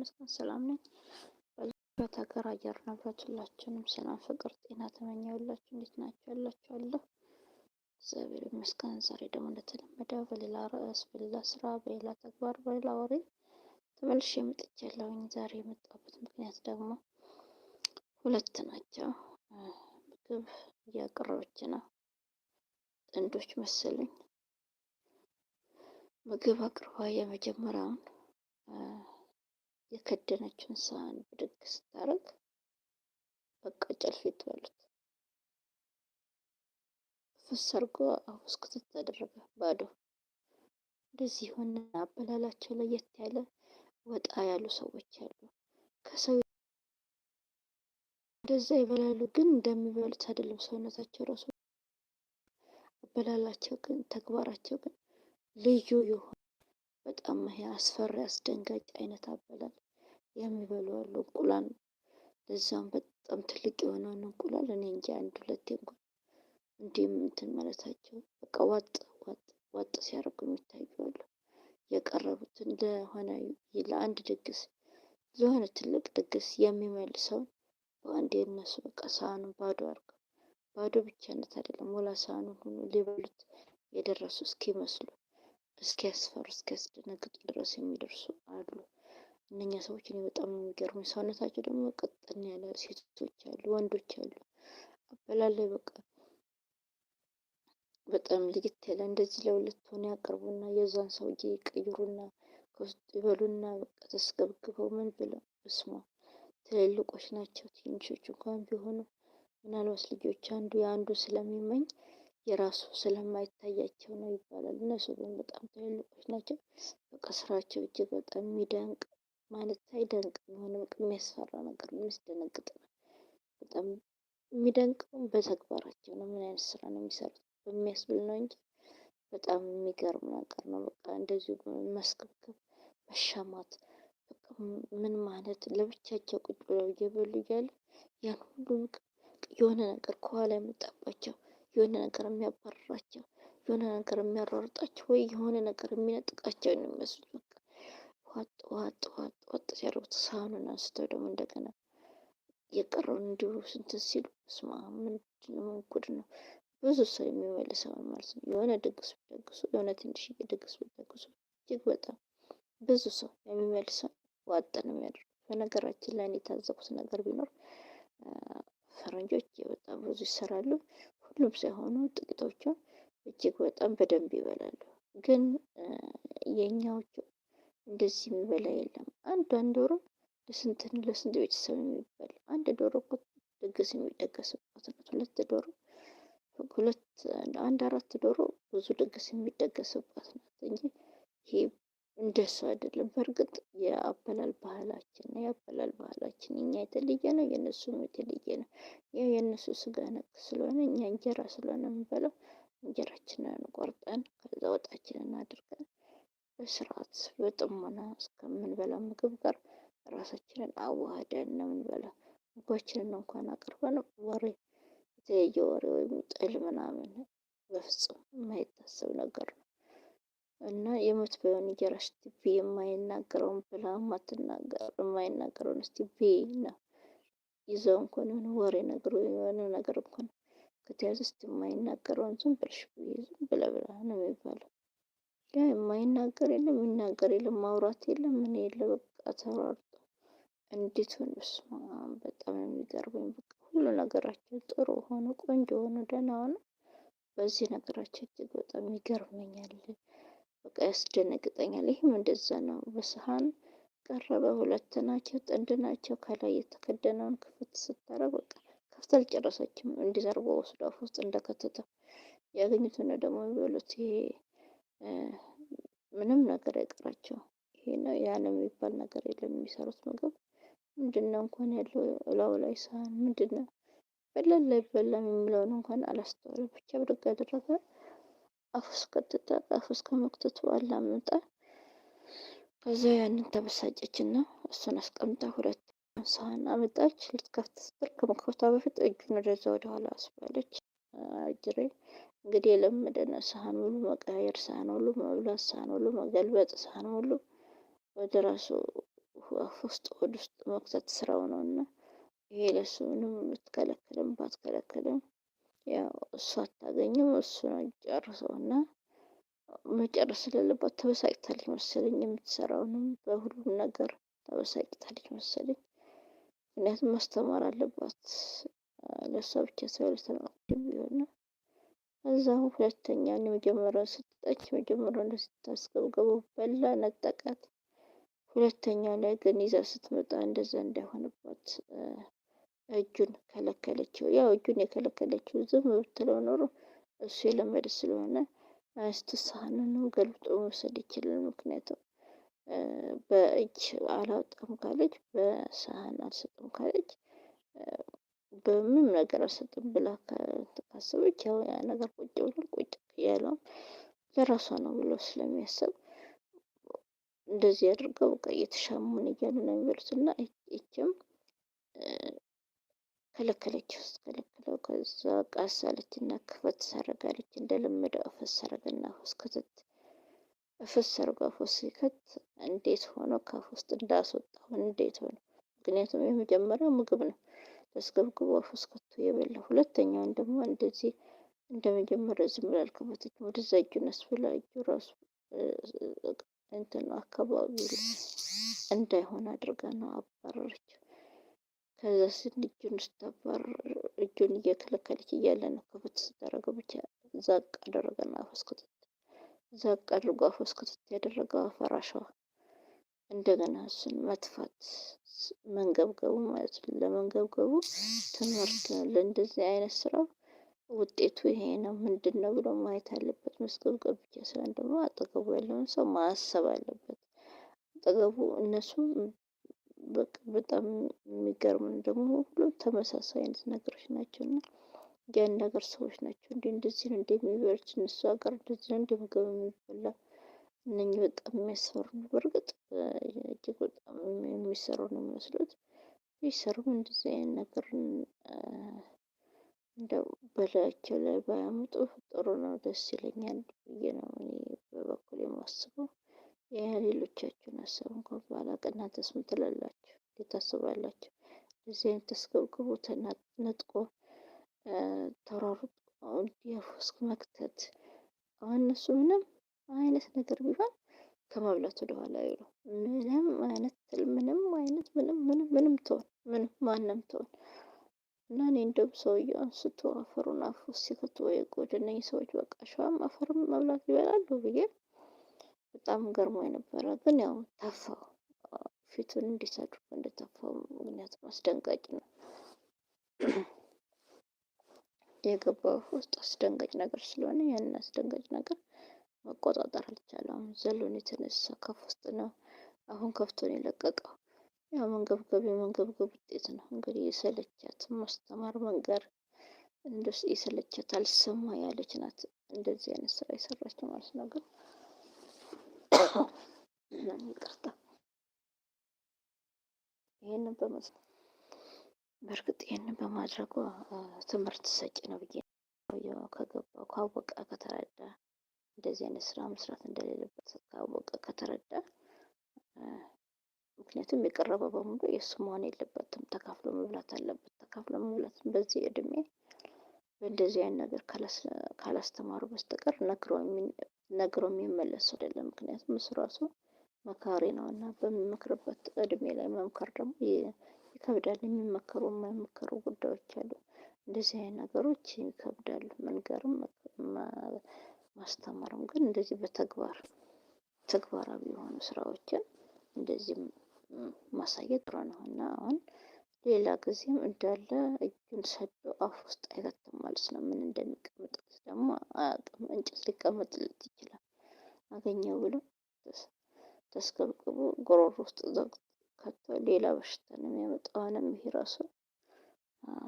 መስማት ሰላም ነኝ። በዚበት ሀገር አየር ንብረት ሁላችንም ሰላም፣ ፍቅር፣ ጤና ተመኘሁላችሁ። እንዴት ናቸው ያላችሁ አለሁ እግዚአብሔር ይመስገን። ዛሬ ደግሞ እንደተለመደው በሌላ ርዕስ፣ በሌላ ስራ፣ በሌላ ተግባር፣ በሌላ ወሬ ተመልሼ መጥቻለሁኝ። ዛሬ የመጣሁበት ምክንያት ደግሞ ሁለት ናቸው። ምግብ እያቀረበች ነው ጥንዶች መሰለኝ ምግብ አቅርባ የመጀመሪያውን የከደነችውን ሳህን ብድግ ስታደርግ በቃ ጨልፊት በሉት ፍሰርጎ አፉ እስክትት ተደረገ ባዶ። እንደዚህ የሆነ አበላላቸው ለየት ያለ ወጣ ያሉ ሰዎች አሉ። ከሰው እንደዛ ይበላሉ፣ ግን እንደሚበሉት አይደለም። ሰውነታቸው ራሱ አበላላቸው ግን ተግባራቸው ግን ልዩ የሆነ በጣም ይሄ አስፈሪ አስደንጋጭ አይነት አበላል የሚበሉ አሉ። እንቁላል ለዛም በጣም ትልቅ የሆነውን እንቁላል እኔ እንጂ አንድ ሁለቴ እንኳን እንዲህም እንትን ማለታቸው በቃ ዋጥ ዋጥ ዋጥ ሲያደርጉ የሚታዩዋሉ። የቀረቡትን ለሆነ ለአንድ ድግስ ለሆነ ትልቅ ድግስ የሚመልሰውን በአንዴ እነሱ በቃ ሳህኑን ባዶ አድርገው ባዶ ብቻነት አይደለም ወላ ሳህኑን ሁሉ ሊበሉት የደረሱ እስኪመስሉ እስኪያስፈሩ እስኪያስደነግጡ ድረስ የሚደርሱ አሉ። እነኛ ሰዎች እኔ በጣም ነው ሰውነታቸው ደግሞ ቀጠን ያለ ሴቶች አሉ፣ ወንዶች አሉ። አበላላይ በቃ በጣም ለየት ያለ እንደዚህ ለሁለት ሆነ ያቀርቡና የዛን ሰውዬ ይቀይሩና ከውስጡ ይበሉና በቃ ተስገብግበው ምን ብለው እስማ ትልልቆች ናቸው። ትንሾች እንኳን ቢሆኑ ምናልባት ልጆች አንዱ የአንዱ ስለሚመኝ የራሱ ስለማይታያቸው ነው ይባላል። እነሱ ግን በጣም ትልልቆች ናቸው። በቃ ስራቸው እጅግ በጣም የሚደንቅ ማለት ሳይደንቅ የሆነ የሚያስፈራ ነገር የሚያስደነግጥ ነው። በጣም የሚደንቀው በተግባራቸው ነው። ምን አይነት ስራ ነው የሚሰሩት በሚያስብል ነው እንጂ በጣም የሚገርም ነገር ነው። በቃ እንደዚሁ ማስከብከብ፣ መሻማት ምን ማለት ለብቻቸው ቁጭ ብለው እየበሉ እያሉ ያን ሁሉ የሆነ ነገር ከኋላ የመጣባቸው የሆነ ነገር የሚያባርራቸው፣ የሆነ ነገር የሚያሯርጣቸው ወይ የሆነ ነገር የሚነጥቃቸው የሚመስሉት በቃ ዋጥ ዋጥ ዋጥ ዋጥ ሲያደርጉት ሳህኑን አንስተው ደግሞ እንደገና የቀረውን እንዲሁ ስንትን ሲሉ ስማ ምንድን ነው ጉድ ነው። ብዙ ሰው የሚመልሰውን ማለት ነው። የሆነ ድግስ ቢደግሱ የሆነ ትንሽ ድግስ ቢደግሱ እጅግ በጣም ብዙ ሰው የሚመልሰው ዋጥ ነው የሚያደርጉት። በነገራችን ላይ እኔ የታዘቡት ነገር ቢኖር ፈረንጆች በጣም ብዙ ይሰራሉ። ሁሉም ሳይሆኑ ጥቂቶቹ እጅግ በጣም በደንብ ይበላሉ። ግን የእኛዎቹ እንደዚህ የሚበላ የለም። አንዷን ዶሮ ለስንትን ለስንት ቤተሰብ የሚበላ አንድ ዶሮ እኮ ድግስ የሚደገስበት ነው። ሁለት ዶሮ ሁለት አንድ አራት ዶሮ ብዙ ድግስ የሚደገስባት ናት እንጂ ይሄ እንደሱ አይደለም። በእርግጥ የአበላል ባህላችን ነው። የአበላል ባህላችን እኛ የተለየ ነው፣ የእነሱም የተለየ ነው። ያው የእነሱ ስጋ ነክ ስለሆነ እኛ እንጀራ ስለሆነ የምንበላው እንጀራችንን ቆርጠን ከዛ ወጣችንን አድርገን በስርዓት በጥሞና እስከምንበላ ምግብ ጋር ራሳችንን አዋህደን ነው የምንበላው። ምግባችንን እንኳን አቅርበን ወሬ የተለየ ወሬ ወይም ጥል ምናምን በፍጹም የማይታሰብ ነገር ነው። እና የሞት በይውን ንገረሽ እስቲ ቤ የማይናገረውን ብላ ማትናገር የማይናገረውን እስቲ ቤ ነው ይዘው እንኳን የሆነ ወሬ ነግሮ የሆነ ነገር እንኳን ከተያዘ እስቲ የማይናገረውን ዝም ብለሽ ዝም ብለ ብላ ነው የሚባለው። ያ የማይናገር የለም የሚናገር የለም ማውራት የለም ምን የለ በቃ ተሯርጦ እንዴት ሆነ ስማ፣ በጣም የሚገርመኝ በቃ ሁሉ ነገራቸው ጥሩ ሆኖ ቆንጆ ሆኖ ደህና ሆኖ በዚህ ነገራቸው እጅግ በጣም ይገርመኛል። በቃ ያስደነግጠኛል። ይህም እንደዛ ነው። በሰሃን ቀረበ። ሁለት ናቸው፣ ጥንድ ናቸው። ከላይ የተከደነውን ክፍት ስታረግ በቃ ከፍታ አልጨረሰችም። እንዲዘርቦ ወስዶ አፍ ውስጥ እንደከተተ ያገኙት ነው ደግሞ የሚበሉት። ይሄ ምንም ነገር አይቀራቸው። ይሄ ነው ያን የሚባል ነገር የለም። የሚሰሩት ምግብ ምንድን ነው እንኳን ያለው እላው ላይ ሳህን ምንድን ነው በላል ላይ በላም የሚለውን እንኳን አላስተዋለም። ብቻ ብድግ አደረገ። አፍ ውስጥ ከተተ አፍ ውስጥ ከመክተቱ ከዛ ያንን ተበሳጨች እና እሱን አስቀምጣ ሁለት ሳህን አመጣች። ልትከፍት ስትል ከመክፈቷ በፊት እጁን ወደዛ ወደኋላ አስባለች። አጅሬ እንግዲህ የለመደነ ሳህን ሁሉ መቀያየር፣ ሳህን ሁሉ መብላት፣ ሳህን ሁሉ መገልበጥ፣ ሳህን ሁሉ ወደ ራሱ አፍ ውስጥ ወደ ውስጥ መክተት ስራው ነው እና ይሄ ለሱ ምንም የምትከለክልም ባትከለክልም ያው እሱ አታገኝም እሱ ነው ጨርሰው እና መጨረስ ስለሌባት ተበሳጭታለች መሰለኝ። የምትሰራውንም በሁሉም ነገር ተበሳጭታለች መሰለኝ። ምክንያቱም ማስተማር አለባት ለእሷ ብቻ ሳይሆን ለተማሪዎችም ቢሆን እዛ ሁለተኛ የመጀመሪያውን ስትጠች መጀመሪያውን ስታስገብገቡ በላ ነጠቃት። ሁለተኛው ላይ ግን ይዛ ስትመጣ እንደዛ እንዳይሆንባት እጁን ከለከለችው። ያው እጁን የከለከለችው ዝም ብትለው ኖሮ እሱ የለመደ ስለሆነ አንስቶ ሳህኑን ገልብጦ መውሰድ ይችላል። ምክንያቱም በእጅ አላውጣም ካለች፣ በሳህን አልሰጥም ካለች፣ በምንም ነገር አልሰጥም ብላ ካሰበች ያው ያ ነገር ቁጭ ብሏል። ቁጭ ያለውም ለራሷ ነው ብሎ ስለሚያስብ እንደዚህ አድርገው በቃ እየተሻሙን እያሉ ነው የሚበሉት እና ይችም ከለከለች ውስጥ ስትከለክለው ከዛ ቃስ አለችና ክፈት ሳረጋለች። እንደለመደው አፈስ አረገና አፈስ ከተት አፈስ አርጎ አፈስ ሲከት እንዴት ሆኖ ካፍ ውስጥ እንዳስወጣው እንዴት ሆኖ። ምክንያቱም የመጀመሪያው ምግብ ነው ተስገብግቦ አፈስ ከቶ የበላ። ሁለተኛውን ደግሞ እንደዚህ እንደመጀመሪያው ዝም ብላ አልከፈተች። ወደዛ እጁን ብላ እጁ ራሱ እንትን አካባቢ እንዳይሆን አድርጋ ነው አባረረችው። ከዛ ስን እጁን ስታባር እጁን እየከለከለች እያለ ነው ክፍት ስታደረገው ብቻ ዛቅ አደረገና አፈስ ክትት ዛቅ አድርጎ አፈስ ክትት ያደረገው አፈራሸዋ እንደገና እሱን መጥፋት መንገብገቡ ማለት ነው። ለመንገብገቡ ትምህርት ነው። ለእንደዚህ አይነት ስራ ውጤቱ ይሄ ነው ምንድን ነው ብሎ ማየት አለበት። መስገብገብ ብቻ ሳይሆን ደግሞ አጠገቡ ያለውን ሰው ማሰብ አለበት። አጠገቡ እነሱም በቃ በጣም የሚገርም ደግሞ ሁሉ ተመሳሳይ አይነት ነገሮች ናቸው እና የአንድ ሀገር ሰዎች ናቸው። እንዲ እንደዚህ ነው እንደሚበሉት እነሱ ሀገር እንደዚህ ነው እንደምግብ የሚበላ እነኚህ በጣም የሚያስፈሩ በእርግጥ እጅግ በጣም የሚሰሩ ነው የሚመስሉት ቢሰሩም እንደዚህ አይነት ነገር እንደው በላያቸው ላይ ባያመጡ ጥሩ ነው፣ ደስ ይለኛል ብዬ ነው እኔ በበኩል የማስበው። ሌሎቻችሁን ሀሳብ እንኳን ባላቅ እናንተስ ምን ትላላችሁ? ታስባላችሁ? እዚህ ተስገብግቦ ነጥቆ ተሯሩጦ እስከ መክተት። አሁን እነሱ ምንም አይነት ነገር ቢሆን ከመብላት ኋላ አይሉ። ምንም አይነት ምንም አይነት ምንም ምንም ምንም ትሆን ምንም ማንም ትሆን እና እኔ እንደውም ሰውየው አንስቶ አፈሩን አፉ ሲከቱ ወይ ጎደነኝ ሰዎች በቃ ሸዋም አፈርም መብላት ይበላሉ ብዬ በጣም ገርሞ የነበረ ግን ያው ታፋው ፊቱን እንዴት አድርጎ እንደተፋው ምክንያቱም አስደንጋጭ ነው የገባው ውስጥ አስደንጋጭ ነገር ስለሆነ ያንን አስደንጋጭ ነገር መቆጣጠር አልቻለም። ዘሎን የተነሳ ከፍ ነው አሁን ከፍቶን የለቀቀው። ያው መንገብገብ የመንገብገብ ውጤት ነው እንግዲህ የሰለቻት ማስተማር መንገር እንደስ የሰለቻት አልሰማ ያለች ናት። እንደዚህ አይነት ስራ የሰራች ማለት ነው ግን ይቅርታ ይህንን በመስ በእርግጥ ይህንን በማድረጉ ትምህርት ሰጪ ነው ብዬ ከገባ ካወቀ ከተረዳ እንደዚህ አይነት ስራ መስራት እንደሌለበት ካወቀ ከተረዳ ምክንያቱም የቀረበ በሙሉ የእሱ መሆን የለበትም። ተካፍሎ መብላት አለበት። ተካፍሎ መብላት በዚህ እድሜ በእንደዚህ አይነት ነገር ካላስተማሩ በስተቀር ነግሮ የሚመለስ አይደለም። ምክንያቱም እሱ ራሱ መካሪ ነው እና በሚመክርበት እድሜ ላይ መምከር ደግሞ ይከብዳል። የሚመከሩ የማይመከሩ ጉዳዮች አሉ። እንደዚህ አይነት ነገሮች ይከብዳሉ። መንገርም ማስተማርም ግን እንደዚህ በተግባር ተግባራዊ የሆኑ ስራዎችን እንደዚህ ማሳየት ጥሩ ነው እና አሁን ሌላ ጊዜም እንዳለ እጁን ሰዶ አፍ ውስጥ አይከትም ማለት ነው። ምን እንደሚቀመጥበት ደግሞ አያውቅም። እንጨት ሊቀመጥለት ይችላል። አገኘው ብሎ ተስገብግቦ ጉሮሮ ውስጥ ከቶ ሌላ በሽታ ነው የሚያመጣው። አሁንም ይሄ ራሱ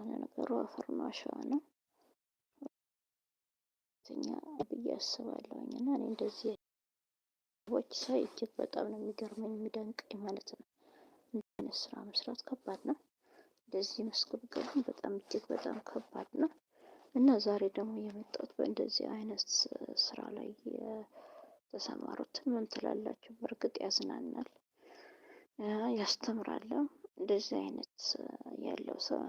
ለነገሩ አፈር ነው አሸዋ ነው ኛ ብዬ አስባለሁኝ። እና እኔ እንደዚህ ሰዎች ሳይ እጅግ በጣም ነው የሚገርመኝ የሚደንቀኝ ማለት ነው። እንደዚህ አይነት ስራ መስራት ከባድ ነው። እንደዚህ መስገብገቡን በጣም እጅግ በጣም ከባድ ነው እና ዛሬ ደግሞ የመጣሁት በእንደዚህ አይነት ስራ ላይ ተሰማሩት። ምን ትላላችሁ? በእርግጥ ያዝናናል፣ ያስተምራልም። እንደዚህ አይነት ያለው ሰው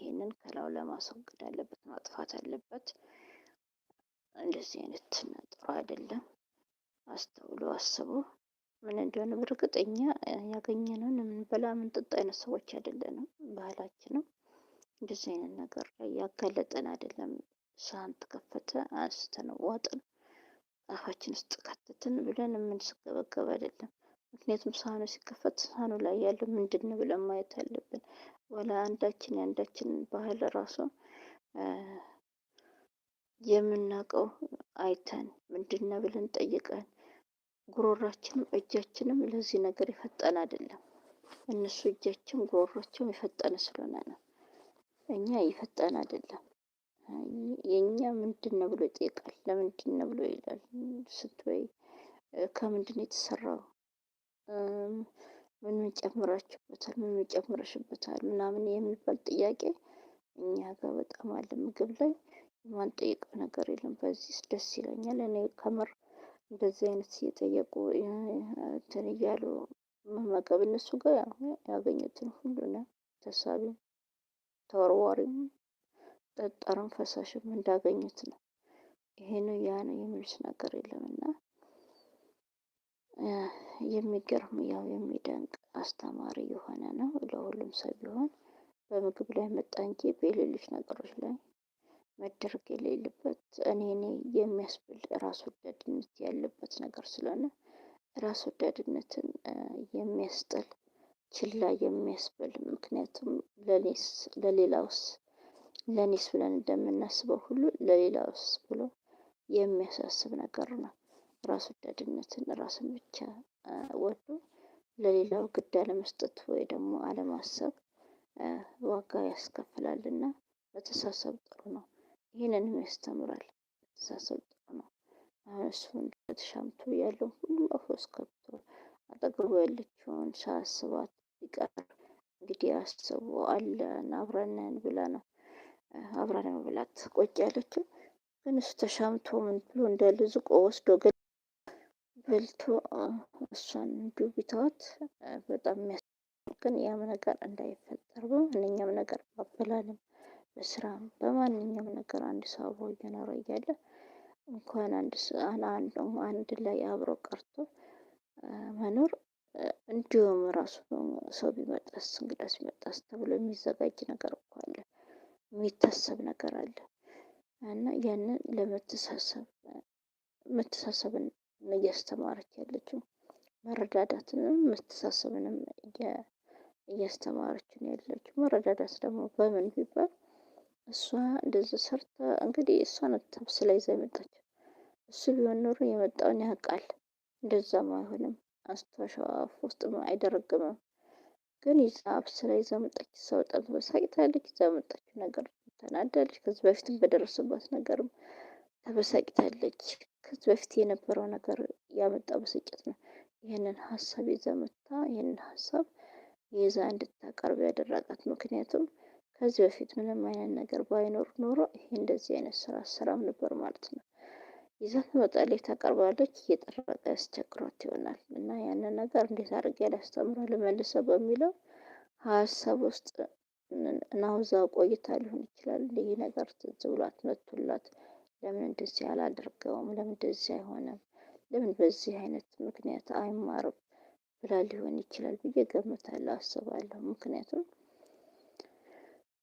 ይህንን ከላው ለማስወገድ አለበት፣ ማጥፋት አለበት። እንደዚህ አይነት ጥሩ አይደለም። አስተውሎ አስቡ ምን እንደሆነ። በእርግጠኛ ያገኘነውን የምንበላ የምንጠጣ አይነት ሰዎች አይደለንም። ባህላችንም እንደዚህ አይነት ነገር ላይ ያጋለጠን አይደለም። ሳህን ተከፈተ፣ አንስተን ዋጥን። አፋችን ውስጥ ከተትን ብለን የምንስገበገብ አይደለም። ምክንያቱም ሳህኑ ሲከፈት ሳህኑ ላይ ያለው ምንድን ብለን ማየት አለብን። ወላ አንዳችን የአንዳችን ባህል ራሱ የምናውቀው አይተን ምንድን ብለን ጠይቀን ጉሮራችንም እጃችንም ለዚህ ነገር የፈጠነ አይደለም። እነሱ እጃችን ጉሮሯቸውም የፈጠነ ስለሆነ ነው። እኛ የፈጠነ አይደለም። የእኛ ምንድን ነው ብሎ ይጠይቃል። ለምንድን ነው ብሎ ይላል። ስትወይ ከምንድን ነው የተሰራው? ምን ጨምራችሁበታል? ምን ጨምረሽበታል? ምናምን የሚባል ጥያቄ እኛ ጋር በጣም አለ። ምግብ ላይ የማንጠይቀው ነገር የለም። በዚህ ደስ ይለኛል። እኔ ከምር እንደዚህ አይነት እየጠየቁ እንትን እያሉ መመገብ እነሱ ጋር ያገኙትን ሁሉ ነው ተወርዋሪም ጠጣርም ፈሳሽም እንዳገኙት ነው። ይህን ያ ነው የሚሉት ነገር የለም እና የሚገርም ያው የሚደንቅ አስተማሪ የሆነ ነው ለሁሉም ሰው ቢሆን በምግብ ላይ መጣ እንጂ በሌሎች ነገሮች ላይ መደረግ የሌለበት እኔ እኔ የሚያስብል ራስ ወዳድነት ያለበት ነገር ስለሆነ ራስ ወዳድነትን የሚያስጥል ችላ የሚያስብል ምክንያቱም ለሌላውስ ለእኔስ ብለን እንደምናስበው ሁሉ ለሌላውስ ብሎ የሚያሳስብ ነገር ነው። ራስ ወዳድነትን ራስን ብቻ ወዶ ለሌላው ግድ አለመስጠት ወይ ደግሞ አለማሰብ ዋጋ ያስከፍላል እና በተሳሰብ ጥሩ ነው። ይህንንም ያስተምራል። መተሳሰብ ጥሩ ነው። አሁን እሱ ተሻምቶ ያለው ሁሉ አፉ አስገብቶ አጠገቡ ያለችውን ሳስባት ቢቀር እንግዲህ አስቦ አለን አብረን ነን ብላ ነው አብራ ለመብላት ቆጭ ያለችው። ግን እሱ ተሻምቶ ምን ብሎ እንደ ልዝቆ ወስዶ በልቶ እሷን እንዲሁ ቢተዋት በጣም የሚያስ ግን ያም ነገር እንዳይፈጠር በማንኛውም ነገር ባበላልም፣ በስራም በማንኛውም ነገር አንድ ሰው አብሮ እየኖረ እያለ እንኳን አንድ ላይ አብሮ ቀርቶ መኖር እንዲሁም ራሱ ሰው ቢመጣስ እንግዳ ሲመጣስ ተብሎ የሚዘጋጅ ነገር እኮ አለ። የሚታሰብ ነገር አለ እና ያንን ለመተሳሰብ መተሳሰብን እያስተማረች ያለችው መረዳዳትንም መተሳሰብንም እያስተማረች ነው ያለችው። መረዳዳት ደግሞ በምን ቢባል እሷ እንደዚህ ሰርታ እንግዲህ እሷ ናት ታብስላ ይዛ የመጣችው። እሱ ቢሆን ኖሮ የመጣውን ያውቃል። እንደዛም አይሆንም። አስተሻዋፍ ውስጥ አይደረግምም። ግን ይዛ ስራ ይዛ መጣች። እሷ በጣም ተበሳጭታለች። ይዛ መጣችው ነገር ተናዳለች። ከዚህ በፊትም በደረሰባት ነገርም ተበሳጭታለች። ከዚህ በፊት የነበረው ነገር ያመጣ ብስጭት ነው። ይህንን ሀሳብ ይዛ መታ ይህንን ሀሳብ ይዛ እንድታቀርብ ያደረጋት ምክንያቱም ከዚህ በፊት ምንም አይነት ነገር ባይኖር ኖሮ ይሄ እንደዚህ አይነት ስራ አሰራም ነበር ማለት ነው። ይዛ ትመጣለች፣ ታቀርባለች። እየጠረጠ ያስቸግሯት ይሆናል እና ያንን ነገር እንዴት አድርጌ ላስተምረው ልመልሰው በሚለው ሀሳብ ውስጥ ናውዛ ቆይታ ሊሆን ይችላል። ይህ ነገር ትዝ ብሏት መቶላት ለምን እንደዚህ አላደርገውም፣ ለምን እንደዚህ አይሆንም፣ ለምን በዚህ አይነት ምክንያት አይማርም ብላ ሊሆን ይችላል ብዬ ገምታለሁ፣ አስባለሁ። ምክንያቱም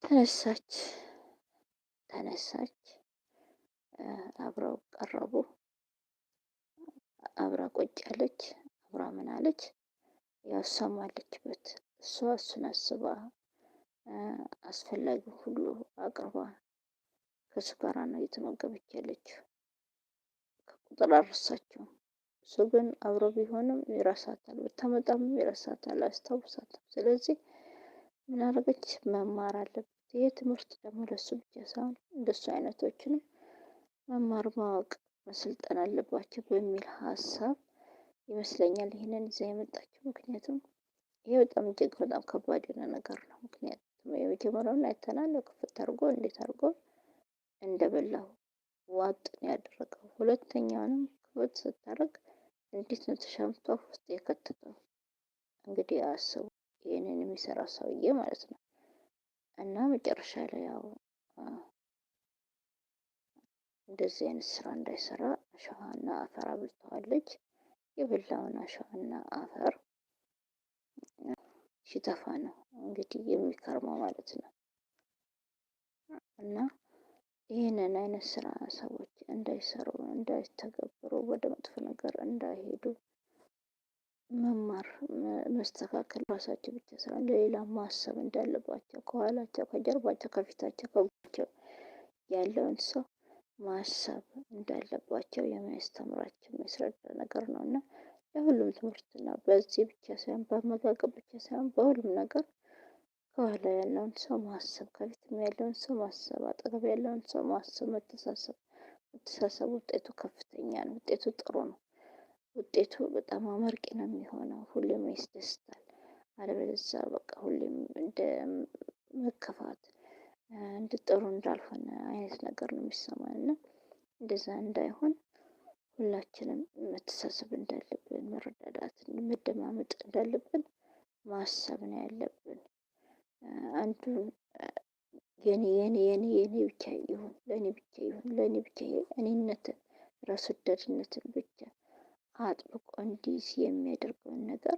ተነሳች ተነሳች አብረው ቀረቡ። አብራ ቆጭ አለች። አብራ ምን አለች? ያሷም አለችበት እሷ እሱን አስባ አስፈላጊ ሁሉ አቅርባ ከሱ ጋራ ነው እየተመገበች ያለችው። ከቁጥር አልረሳችውም። እሱ ግን አብሮ ቢሆንም ይረሳታል፣ ብታመጣም ይረሳታል፣ አስታውሳታል። ስለዚህ ምን አረገች? መማር አለበት። ይሄ ትምህርት ደግሞ ለሱ ብቻ ሳይሆን እንደሱ አይነቶችንም መማር ማወቅ መሰልጠን አለባቸው በሚል ሀሳብ ይመስለኛል ይህንን ይዛ የመጣችው። ምክንያቱም ይሄ በጣም እጅግ በጣም ከባድ የሆነ ነገር ነው። ምክንያቱም የመጀመሪያውን አይተናል፣ ክፍት አድርጎ እንዴት አድርጎ እንደበላው ዋጥ ነው ያደረገው። ሁለተኛውንም ክፍት ስታደርግ እንዴት ነው ተሻምቷ ውስጥ የከተተው። እንግዲህ አስቡ ይህንን የሚሰራ ሰውዬ ማለት ነው እና መጨረሻ ላይ ያው እንደዚህ አይነት ስራ እንዳይሰራ አሸዋና አፈር አብልተዋለች። የበላውን አሸዋና አፈር ሲተፋ ነው እንግዲህ የሚከርመው ማለት ነው። እና ይህንን አይነት ስራ ሰዎች እንዳይሰሩ፣ እንዳይተገብሩ፣ ወደ መጥፎ ነገር እንዳይሄዱ መማር መስተካከል፣ ራሳቸው ብቻ ስራ ለሌላ ማሰብ እንዳለባቸው ከኋላቸው፣ ከጀርባቸው፣ ከፊታቸው፣ ከጎናቸው ያለውን ሰው ማሰብ እንዳለባቸው የሚያስተምራቸው የሚያስረዳ ነገር ነው እና ለሁሉም ትምህርትና በዚህ ብቻ ሳይሆን በአመጋገብ ብቻ ሳይሆን በሁሉም ነገር ከኋላ ያለውን ሰው ማሰብ፣ ከፊትም ያለውን ሰው ማሰብ፣ አጠገብ ያለውን ሰው ማሰብ፣ መተሳሰብ መተሳሰብ ውጤቱ ከፍተኛ ነው። ውጤቱ ጥሩ ነው። ውጤቱ በጣም አመርቂ ነው የሚሆነው። ሁሌም ያስደስታል። አለበለዚያ በቃ ሁሌም እንደ መከፋት እንድጠሩ እንዳልሆነ አይነት ነገር ነው የሚሰማን እና እንደዛ እንዳይሆን ሁላችንም መተሳሰብ እንዳለብን መረዳዳት፣ መደማመጥ እንዳለብን ማሰብ ነው ያለብን። አንዱ የኔ የኔ የኔ የኔ ብቻ ይሁን ለእኔ ብቻ ይሁን ለእኔ ብቻ እኔነትን ራስ ወዳድነትን ብቻ አጥብቆ እንዲይዝ የሚያደርገውን ነገር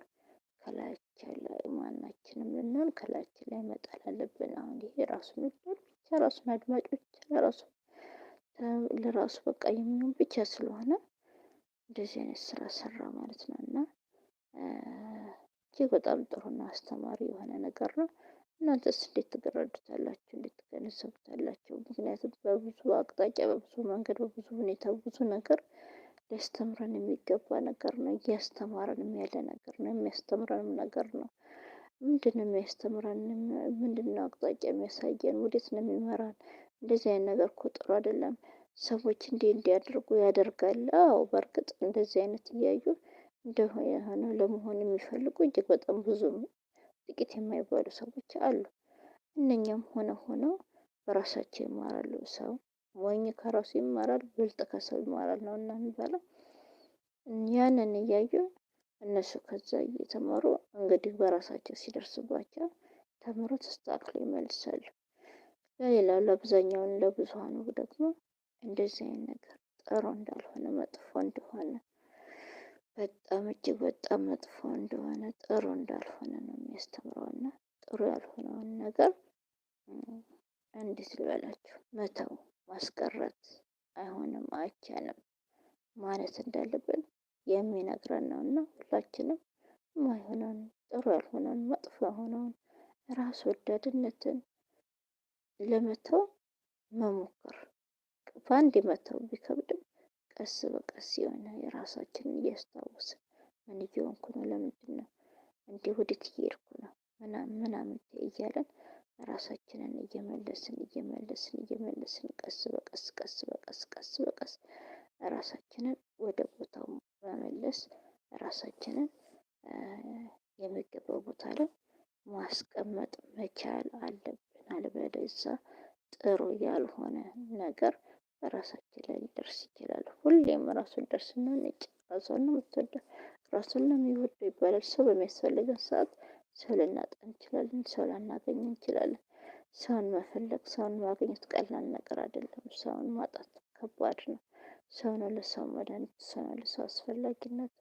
ከላያቸው ላይ ማናችንም ምናምን ከላያችን ላይ መጣል አለብን። አሁን ይሄ ራሱን መቻል ብቻ ራሱን አድማጭ ብቻ ለራሱ ለራሱ በቃ የሚሆን ብቻ ስለሆነ እንደዚህ አይነት ስራ ሰራ ማለት ነው እና እጅግ በጣም ጥሩና አስተማሪ የሆነ ነገር ነው። እናንተስ እንዴት ትገረዱታላችሁ? እንዴት ትገነዘቡታላችሁ? ምክንያቱም በብዙ አቅጣጫ፣ በብዙ መንገድ፣ በብዙ ሁኔታ ብዙ ነገር ሊያስተምረን የሚገባ ነገር ነው። እያስተማረንም ያለ ነገር ነው። የሚያስተምረንም ነገር ነው። ምንድን ነው የሚያስተምረን? ምንድን ነው አቅጣጫ የሚያሳየን? ወዴት ነው የሚመራን? እንደዚህ አይነት ነገር እኮ ጥሩ አይደለም። ሰዎች እንዲህ እንዲያደርጉ ያደርጋል። አዎ በእርግጥ እንደዚህ አይነት እያዩ እንደሆነ የሆነ ለመሆን የሚፈልጉ እጅግ በጣም ብዙ ጥቂት የማይባሉ ሰዎች አሉ። እነኛም ሆነ ሆነው በራሳቸው ይማራሉ። ሰው ሞኝ ከራሱ ይማራል፣ ብልጥ ከሰው ይማራል ነው እና የሚባለው። ያንን እያዩ እነሱ ከዛ እየተማሩ እንግዲህ በራሳቸው ሲደርስባቸው ተምሮ ተስተካክለው ይመልሳሉ። ለሌላ ለአብዛኛውን ለብዙሀኑ ደግሞ እንደዚህ አይነት ነገር ጥሩ እንዳልሆነ መጥፎ እንደሆነ በጣም እጅግ በጣም መጥፎ እንደሆነ ጥሩ እንዳልሆነ ነው የሚያስተምረው እና ጥሩ ያልሆነውን ነገር እንዴት ልበላችሁ መተው ማስቀረት አይሆንም አይቻልም ማለት እንዳለብን የሚነግረን ነው እና ሁላችንም ማይሆነውን ጥሩ ያልሆነን መጥፎ የሆነውን ራስ ወዳድነትን ለመተው መሞከር በአንድ መተው ቢከብድም ቀስ በቀስ የሆነ የራሳችንን እያስታወስን ምን እየሆንኩ ነው? ለምንድን ነው እንዲህ ወዴት እየሄድኩ ነው? ምናምን እያለን ራሳችንን እየመለስን እየመለስን እየመለስን ቀስ በቀስ ቀስ በቀስ ቀስ በቀስ ራሳችንን ወደ ቦታው በመለስ ራሳችንን የሚገባው ቦታ ላይ ማስቀመጥ መቻል አለብን። አለበለዚያ ጥሩ ያልሆነ ነገር ራሳችን ላይ ሊደርስ ይችላል። ሁሌም ራሱን ደርስና ነጭ ራሱን ነው ራሱን ነው የሚወደው ይባላል። ሰው በሚያስፈልገን ሰዓት ሰው ልናጣ እንችላለን። ሰው ላናገኝ እንችላለን። ሰውን መፈለግ፣ ሰውን ማግኘት ቀላል ነገር አይደለም። ሰውን ማጣት ከባድ ነው። ሰው ነው ለሰው መድኃኒት፣ ሰው ነው ለሰው አስፈላጊነት።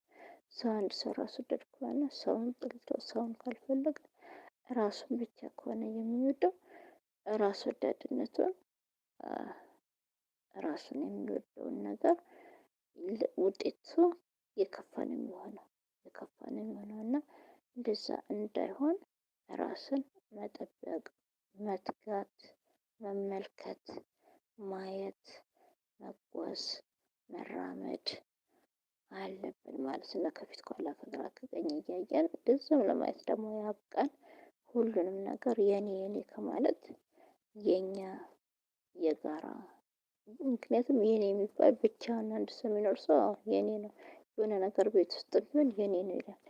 ሰው አንድ ሰው ራሱ ወዳድ ከሆነ ሰውን ጥልቶ ሰውን ካልፈለገ ራሱን ብቻ ከሆነ የሚወደው ራስ ወዳድነቱን ራሱን የሚወደውን ነገር ውጤቱ የከፋ ነው የሚሆነው የከፋ ነው የሚሆነው እና እንደዛ እንዳይሆን ራስን መጠበቅ፣ መትጋት፣ መመልከት፣ ማየት፣ መጓዝ መራመድ አለብን ማለት ነው። ከፊት ከኋላ ከግራ ከቀኝ እያየን እዛው ለማየት ደግሞ ያብቃን። ሁሉንም ነገር የኔ የኔ ከማለት የኛ የጋራ ምክንያቱም የኔ የሚባል ብቻ አንድ ሰው የሚኖር ሰው የኔ ነው የሆነ ነገር ቤት ውስጥ ቢሆን የኔ ነው ይላል።